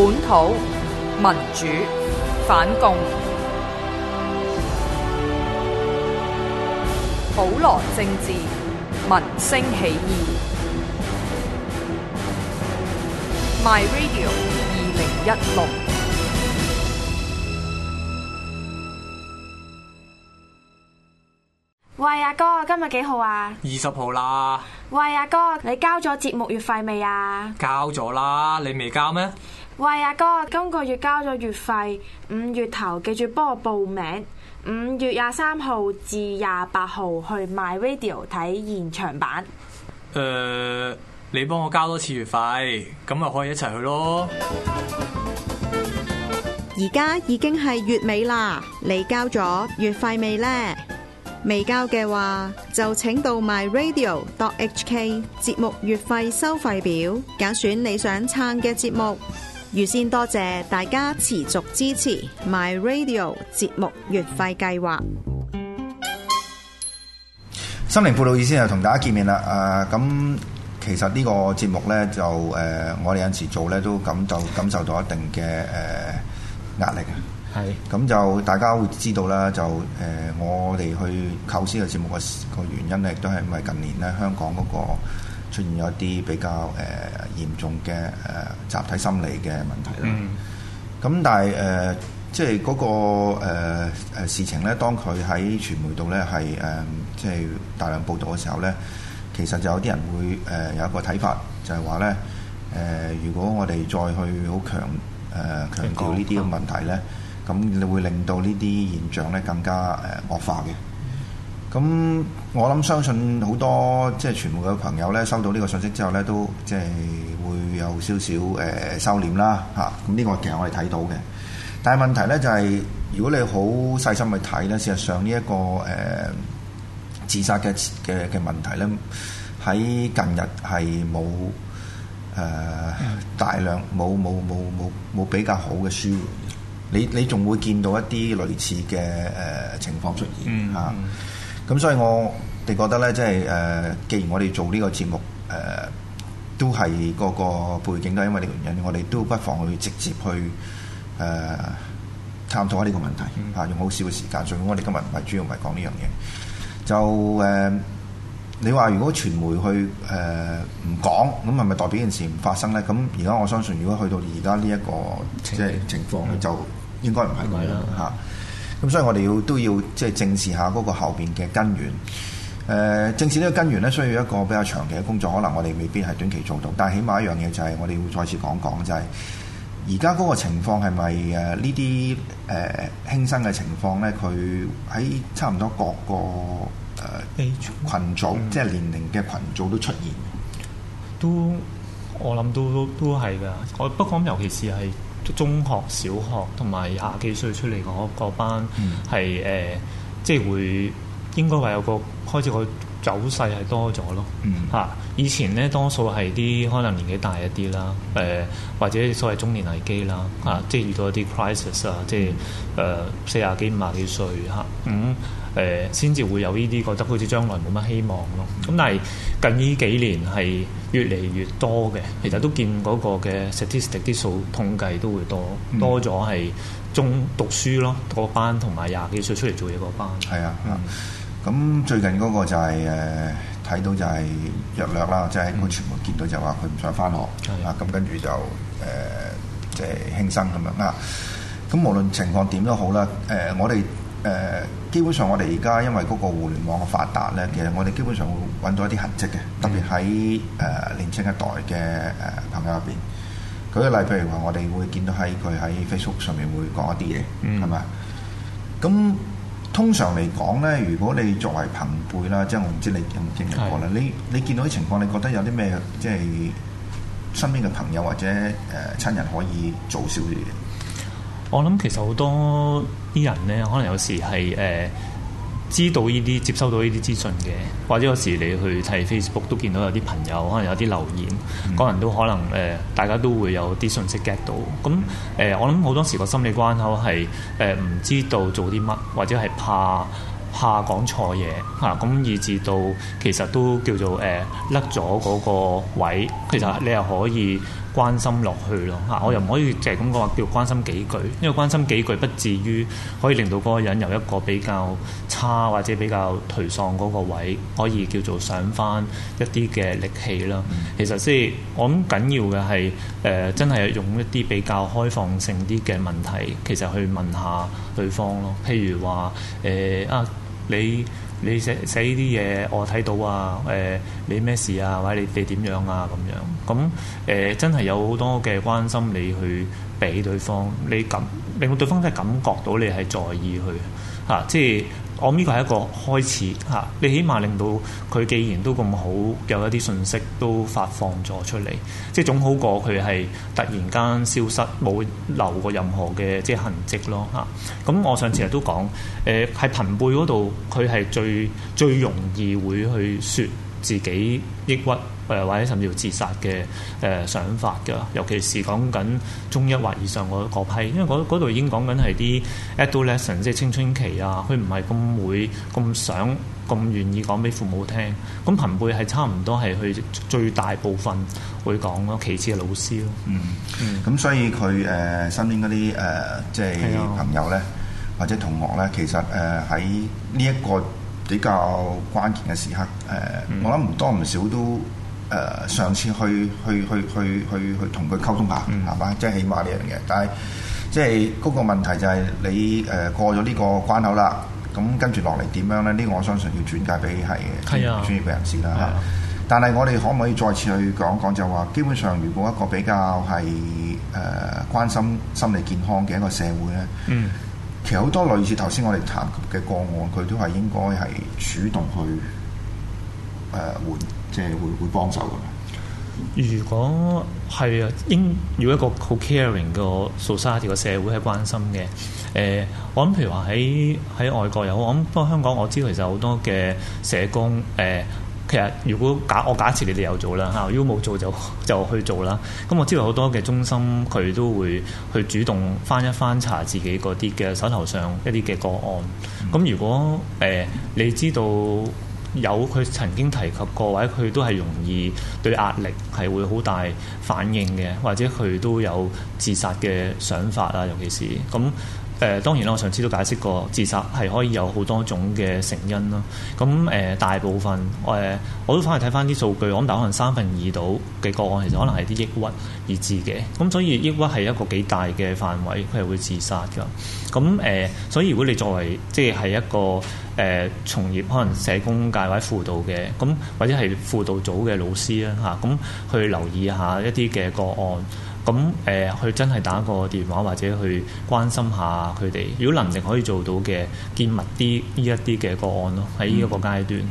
本土民主反共，普羅政治民聲起義。My Radio 二零一六。喂阿哥，今日幾號啊？二十號啦。喂阿哥，你交咗節目月費未啊？交咗啦，你未交咩？喂，阿哥，今個月交咗月費，五月頭記住幫我報名。五月廿三號至廿八號去 my radio 睇現場版。誒、呃，你幫我交多次月費，咁咪可以一齊去咯。而家已經係月尾啦，你交咗月費未呢？未交嘅話就請到 my radio dot h k 節目月費收費表，揀選你想撐嘅節目。預先多謝大家持續支持 My Radio 節目月費計劃。心靈輔導，意思係同大家見面啦。啊，咁其實個節呢個節目咧就誒、呃，我哋有陣時做咧都感就感受到一定嘅誒壓力嘅。係是。咁就大家會知道啦，就誒、呃、我哋去構思個節目個個原因咧，亦都係因為近年咧香港嗰、那個。出現咗一啲比較誒、呃、嚴重嘅誒、呃、集體心理嘅問題啦。咁、嗯、但係誒、呃，即係嗰、那個誒、呃、事情咧，當佢喺傳媒度咧係誒，即係、呃就是、大量報道嘅時候咧，其實就有啲人會誒、呃、有一個睇法，就係話咧誒，如果我哋再去好強誒、呃、強調呢啲嘅問題咧，咁、嗯、你會令到呢啲現象咧更加誒惡化嘅。咁我諗相信好多即係傳媒嘅朋友咧，收到呢個信息之後咧，都即係會有少少誒、呃、收斂啦，嚇、啊！咁、這、呢個其實我哋睇到嘅。但係問題咧就係、是，如果你好細心去睇咧，事實上呢、這、一個誒、呃、自殺嘅嘅嘅問題咧，喺近日係冇誒大量冇冇冇冇冇比較好嘅舒緩，你你仲會見到一啲類似嘅誒、呃、情況出現嚇。啊嗯。咁所以我哋覺得咧，即係誒、呃，既然我哋做呢個節目，誒、呃、都係個個背景都係因為呢個原因，嗯、我哋都不妨去直接去誒、呃、探討下呢個問題，嚇、啊、用好少嘅時間。所以我哋今日唔係主要唔係講呢樣嘢，就誒、呃、你話如果傳媒去誒唔講，咁係咪代表件事唔發生咧？咁而家我相信，如果去到而家呢一個情形 即係情況，嗯、就應該唔係噉樣，嚇、嗯。對吧 咁所以我哋要都要即係正視下嗰個後邊嘅根源。誒、呃、正視呢個根源咧，需要一個比較長期嘅工作，可能我哋未必係短期做到。但係起碼一樣嘢就係、是、我哋會再次講講、就是，就係而家嗰個情況，係咪誒呢啲誒輕生嘅情況咧？佢喺差唔多各個誒、呃欸、群組，嗯、即係年齡嘅群組都出現，都我諗都都都係㗎。我不過尤其是係。中學、小學同埋廿幾歲出嚟嗰班，係誒、嗯呃，即係會應該話有個開始個走勢係多咗咯。嚇！嗯、以前咧多數係啲可能年紀大一啲啦，誒、呃、或者所謂中年危機啦，嚇、啊！嗯、即係遇到一啲 crisis、嗯、呃、啊，即係誒四廿幾五廿幾歲吓，咁誒先至會有呢啲覺得好似將來冇乜希望咯。咁但係近呢幾年係。嗯嗯越嚟越多嘅，其實都見嗰個嘅 statistics 啲數統計都會多、嗯、多咗係中讀書咯嗰班，同埋廿幾歲出嚟做嘢嗰班。係啊，咁、嗯嗯、最近嗰個就係誒睇到就係約略啦，即係佢全部見到就話佢唔想返學、嗯、啊，咁跟住就誒即係輕生咁樣啊。咁無論情況點都好啦，誒、呃、我哋誒。呃基本上我哋而家因為嗰個互聯網嘅發達咧，其實、嗯、我哋基本上會揾到一啲痕迹嘅，嗯、特別喺誒年青一代嘅誒、呃、朋友入邊舉個例，譬如話我哋會見到喺佢喺 Facebook 上面會講一啲嘢，係咪、嗯？咁通常嚟講咧，如果你作為朋輩啦，即係我唔知你有冇經歷過啦，是你你見到啲情況，你覺得有啲咩即係身邊嘅朋友或者誒親、呃、人可以做少啲嘢？我諗其實好多。啲人咧，可能有時係誒、呃、知道呢啲接收到呢啲資訊嘅，或者有時你去睇 Facebook 都見到有啲朋友可能有啲留言，嗯、可能都可能誒，大家都會有啲信息 get 到。咁誒、嗯呃，我諗好多時個心理關口係誒唔知道做啲乜，或者係怕怕講錯嘢啊，咁以至到其實都叫做誒甩咗嗰個位。其實你又可以。關心落去咯，啊！我又唔可以淨係咁講話叫關心幾句，因為關心幾句不至於可以令到嗰個人有一個比較差或者比較頹喪嗰個位，可以叫做上返一啲嘅力氣啦。其實先、即係，我諗緊要嘅係誒，真係用一啲比較開放性啲嘅問題，其實去問下對方咯。譬如話誒、呃、啊，你。你寫寫呢啲嘢，我睇到啊，誒、呃，你咩事啊？或者你你點樣啊？咁樣咁誒、呃，真係有好多嘅關心你去俾對方，你感令到對方真係感覺到你係在意佢嚇、啊，即係。我呢個係一個開始嚇，你起碼令到佢既然都咁好，有一啲信息都發放咗出嚟，即係總好過佢係突然間消失，冇留過任何嘅即係痕跡咯嚇。咁我上次亦都講，誒喺朋輩嗰度，佢係最最容易會去説自己抑鬱。誒或者甚至要自殺嘅誒想法噶，尤其是講緊中一或以上嗰批，因為嗰度已經講緊係啲 adolescent，即係青春期啊，佢唔係咁會咁想咁願意講俾父母聽。咁朋輩係差唔多係佢最大部分會講咯，其次係老師咯。嗯，咁所以佢誒身邊嗰啲誒即係朋友咧，的或者同學咧，其實誒喺呢一個比較關鍵嘅時刻，誒、呃嗯、我諗唔多唔少都。誒上次去去去去去去同佢溝通下，係嘛、嗯？即係起碼呢樣嘢。但係即係嗰、那個問題就係你誒、呃、過咗呢個關口啦，咁跟住落嚟點樣咧？呢、這個我相信要轉介俾係專業嘅人士啦。嚇！是啊、但係我哋可唔可以再次去講一講就話，基本上如果一個比較係誒、呃、關心心理健康嘅一個社會咧，嗯、其實好多類似頭先我哋談及嘅個案，佢都係應該係主動去。誒，換、呃、即係會會幫手嘅。如果係啊，應要一個好 caring 個 society 嘅社會係、這個、關心嘅。誒、呃，我諗譬如話喺喺外國又好，我諗不過香港，我知道其實好多嘅社工誒、呃，其實如果假我假設你哋有做啦吓，如果冇做就就去做啦。咁我知道好多嘅中心佢都會去主動翻一翻查自己嗰啲嘅手頭上一啲嘅個案。咁如果誒、呃、你知道？有佢曾經提及過，或者佢都係容易對壓力係會好大反應嘅，或者佢都有自殺嘅想法啦，尤其是咁。誒、呃、當然啦，我上次都解釋過，自殺係可以有好多種嘅成因啦。咁、啊、誒、呃、大部分誒我、呃、我都翻去睇翻啲數據，我諗大概三分二到嘅個案其實可能係啲抑鬱而致嘅。咁、啊、所以抑鬱係一個幾大嘅範圍，佢係會自殺噶。咁、啊、誒、呃，所以如果你作為即係一個誒、呃、從業可能社工界或者輔導嘅，咁、啊、或者係輔導組嘅老師啦嚇，咁、啊啊、去留意一下一啲嘅個案。咁誒，佢真係打個電話或者去關心下佢哋，如果能力可以做到嘅，見密啲呢一啲嘅個案咯，喺呢一個階段。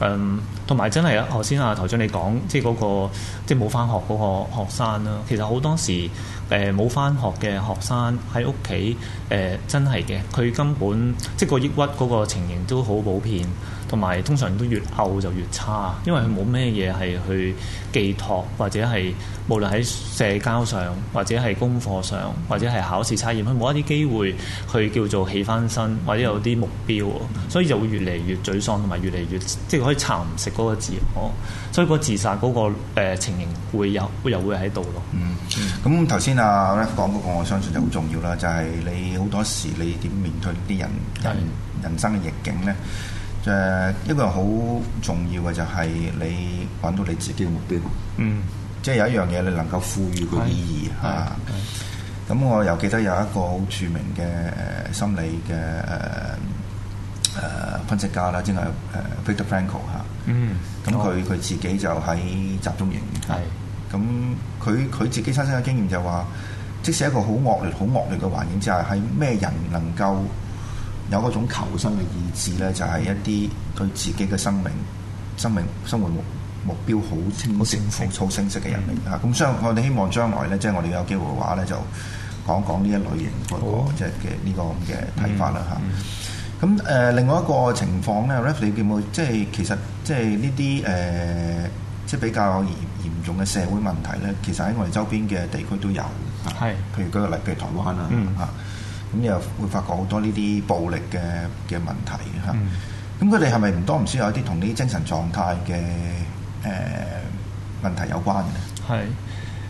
嗯，同、嗯、埋真係啊，頭先啊，台長你講，即係、那、嗰個即係冇返學嗰個學生啦。其實好多時誒冇返學嘅學生喺屋企誒，真係嘅，佢根本即係個抑鬱嗰個情形都好普遍。同埋通常都越後就越差，因為佢冇咩嘢係去寄託，或者係無論喺社交上，或者係功課上，或者係考試測驗，佢冇一啲機會去叫做起翻身，或者有啲目標，所以就會越嚟越沮喪，同埋越嚟越即係可以蠶食嗰個自我，所以個自殺嗰個情形會有，會又會喺度咯。嗯，咁頭先啊 Ralph 講嗰個，我相信就好重要啦，就係、是、你好多時你點面對啲人是人，人生嘅逆境咧？誒一個好重要嘅就係你揾到你自己嘅目標，嗯，即係有一樣嘢你能夠賦予佢意義嚇。咁、啊、我又記得有一個好著名嘅心理嘅誒誒分析家啦，即係誒 Victor Frankl、啊、嗯，咁佢佢自己就喺集中營。係是，咁佢佢自己親身嘅經驗就話、是，即使一個好惡劣、好惡劣嘅環境之下，喺咩人能夠？有嗰種求生嘅意志咧，就係、是、一啲對自己嘅生命、生命、生活目目標好清晰、清楚、清晰嘅人嚟類嚇。咁、mm hmm. 所以，我哋希望將來咧，即、就、係、是、我哋有機會嘅話咧，就講講呢一類型即係嘅呢個咁嘅睇法啦嚇。咁誒、mm hmm. 呃，另外一個情況咧，Ralph，你見冇？即係其實即係呢啲誒，即係比較嚴嚴重嘅社會問題咧，其實喺我哋周邊嘅地區都有嘅，譬如舉個例，譬如台灣啦嚇。Mm hmm. 嗯咁又會發覺好多呢啲暴力嘅嘅問題吓，咁佢哋係咪唔多唔少有一啲同呢啲精神狀態嘅誒、呃、問題有關嘅？係誒、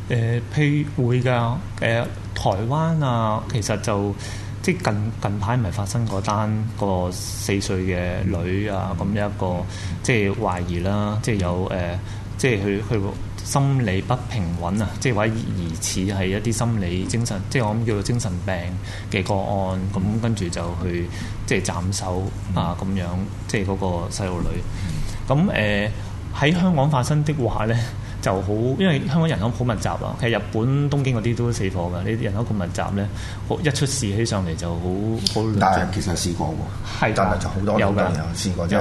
呃，譬如會㗎誒、呃，台灣啊，其實就即係近近排唔係發生嗰單、個四歲嘅女啊，咁、那、一個即係懷疑啦，即係有誒、呃，即係佢佢。心理不平穩啊，即係話疑似係一啲心理精神，即係我諗叫做精神病嘅個案，咁跟住就去即係斬手啊咁樣，即係嗰個細路女。咁誒喺香港發生嘅話咧？就好，因為香港人口好密集啊。其實日本東京嗰啲都死火嘅，你人口咁密集咧，一出事起上嚟就好好。但係其實試過喎，但係就好多有大人試過，即係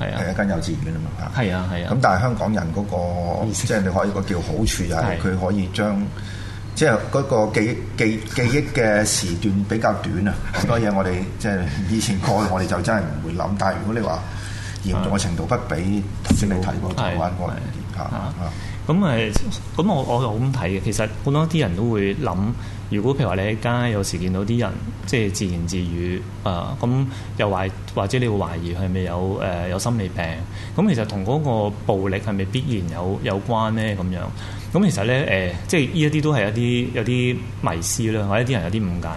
係一間幼稚園啊嘛。係啊係啊。咁但係香港人嗰個，即係你可以個叫好處啊，就係佢可以將即係嗰個記記記憶嘅時段比較短啊。好多嘢我哋即係以前過去，我哋就真係唔會諗。但係如果你話嚴重嘅程度不比，頭先你提過台灣啊！咁誒、嗯，咁我我就好咁睇嘅。其實好多啲人都會諗，如果譬如話你喺街有時見到啲人，即係自言自語，誒、嗯、咁，又懷或者你會懷疑佢係咪有誒、呃、有心理病？咁其實同嗰個暴力係咪必然有有關咧？咁樣。咁其實咧，誒、呃，即係呢一啲都係一啲有啲迷思啦，或者啲人有啲誤解。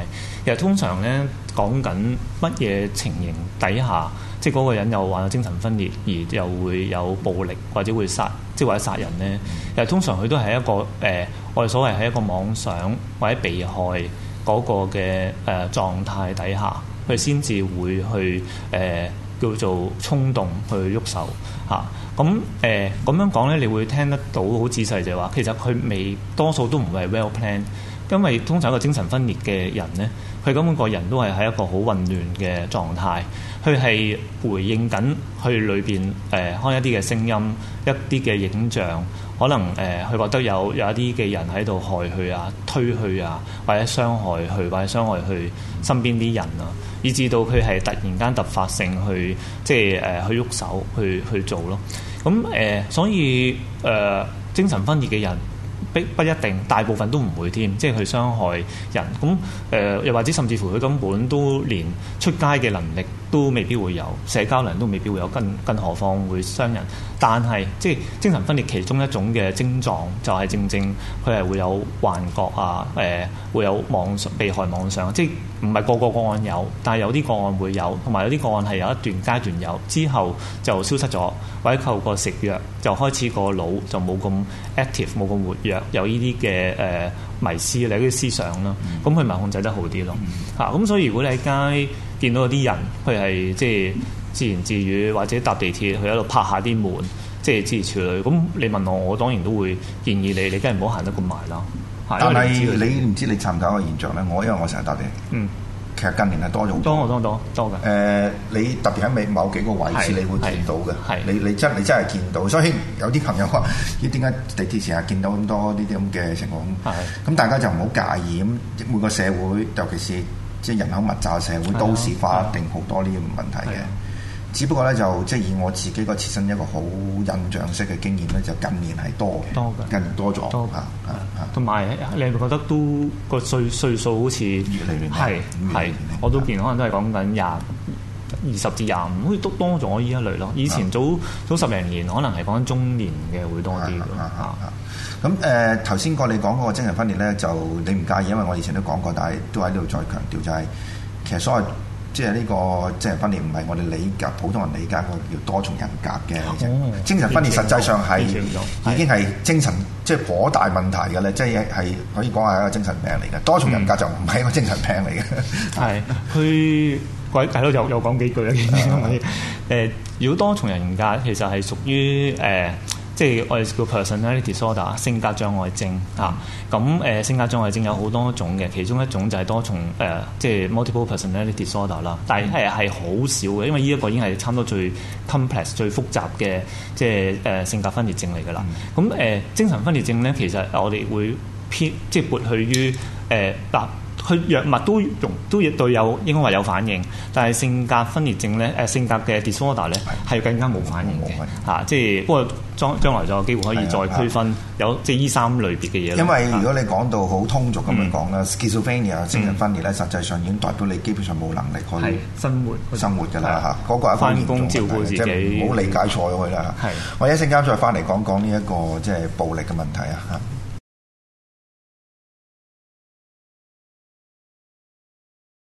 其實通常咧，講緊乜嘢情形底下，即係嗰個人又患有精神分裂，而又會有暴力或者會殺，即係或者殺人咧。其實通常佢都係一個誒、呃，我哋所謂係一個妄想或者被害嗰個嘅誒狀態底下，佢先至會去誒、呃叫做衝動去喐手嚇，咁誒咁樣講咧，你會聽得到好仔細就係話，其實佢未多數都唔係 well planned，因為通常一個精神分裂嘅人咧，佢根本個人都係喺一個好混亂嘅狀態，佢係回應緊佢裏邊誒開一啲嘅聲音、一啲嘅影像，可能誒佢、呃、覺得有有一啲嘅人喺度害佢啊、推佢啊，或者傷害佢，或者傷害佢身邊啲人啊。以至到佢係突然間突發性去即係誒、呃、去喐手去去做咯，咁、嗯、誒、呃、所以誒、呃、精神分裂嘅人並不一定大部分都唔會添，即係去傷害人，咁、嗯、誒、呃、又或者甚至乎佢根本都連出街嘅能力。都未必會有社交能力，都未必會有，更更何況會傷人。但係即係精神分裂其中一種嘅症狀，就係正正佢係會有幻覺啊，誒、呃，會有妄、被害妄想，即係唔係個個個案有，但係有啲個案會有，同埋有啲個案係有一段階段有，之後就消失咗。或者透過食藥，就開始個腦就冇咁 active，冇咁活躍，有呢啲嘅誒迷思你，啲思想囉，咁佢咪控制得好啲咯。嚇、嗯，咁、啊、所以如果你喺街，見到啲人佢係即係自言自語，或者搭地鐵去喺度拍下啲門，即係自處女。咁你問我，我當然都會建議你，你梗係唔好行得咁埋啦。但係是你唔知你尋找嘅現象咧，我因為我成日搭地鐵，嗯，其實近年係多咗好多。多，多，多，多嘅。誒、呃，你特別喺某幾個位置，是你會見到嘅。係，你真你真你真係見到。所以有啲朋友話：咦，點解地鐵成日見到咁多呢啲咁嘅情況？係，咁大家就唔好介意。咁每個社會，尤其是，即係人口密集社會都市化，一定好多呢啲問題嘅。只不過咧，就即係以我自己個切身一個好印象式嘅經驗咧，就近年係多嘅。多嘅，近年多咗。多同埋你係咪覺得都個歲歲數好似越嚟越大係係，我都見可能都係講緊廿。二十至廿五好似都多咗依一類咯。以前早、嗯、早十零年可能係講緊中年嘅會多啲咁，誒頭先個你講嗰個精神分裂咧，就你唔介意，因為我以前都講過，但係都喺度再強調就係、是、其實所謂即係呢個精神分裂唔係我哋理解普通人理解嗰個叫多重人格嘅嘢，哦、精神分裂實際上係已經係精神即係頗大問題嘅咧，即係係可以講係一個精神病嚟嘅。多重人格就唔係一個精神病嚟嘅，係佢、嗯。 鬼大佬又又講幾句啊！其實誒，如果多重人格其實係屬於誒，即、呃、係，就是、我哋叫 personality disorder，性格障礙症嚇。咁、啊、誒、呃，性格障礙症有好多種嘅，其中一種就係多重誒，即、呃、係、就是、multiple personality disorder 啦。但係係好少嘅，因為呢一個已經係差唔多最 complex、最複雜嘅，即係誒性格分裂症嚟㗎啦。咁誒、嗯嗯呃，精神分裂症咧，其實我哋會偏即係撥去於誒答。呃呃佢藥物都用都亦對有應該話有反應，但係性格分裂症咧，誒性格嘅 disorder 咧係更加冇反應嘅嚇，即係不過將將來仲有機會可以再區分有即係呢三類別嘅嘢。因為如果你講到好通俗咁樣講啦，schizophrenia 精神分裂咧，實際上已經代表你基本上冇能力去生活生活㗎啦嚇，嗰個係一個嚴重嘅問題，即係唔好理解錯咗佢啦嚇。我一陣間再翻嚟講講呢一個即係暴力嘅問題啊嚇。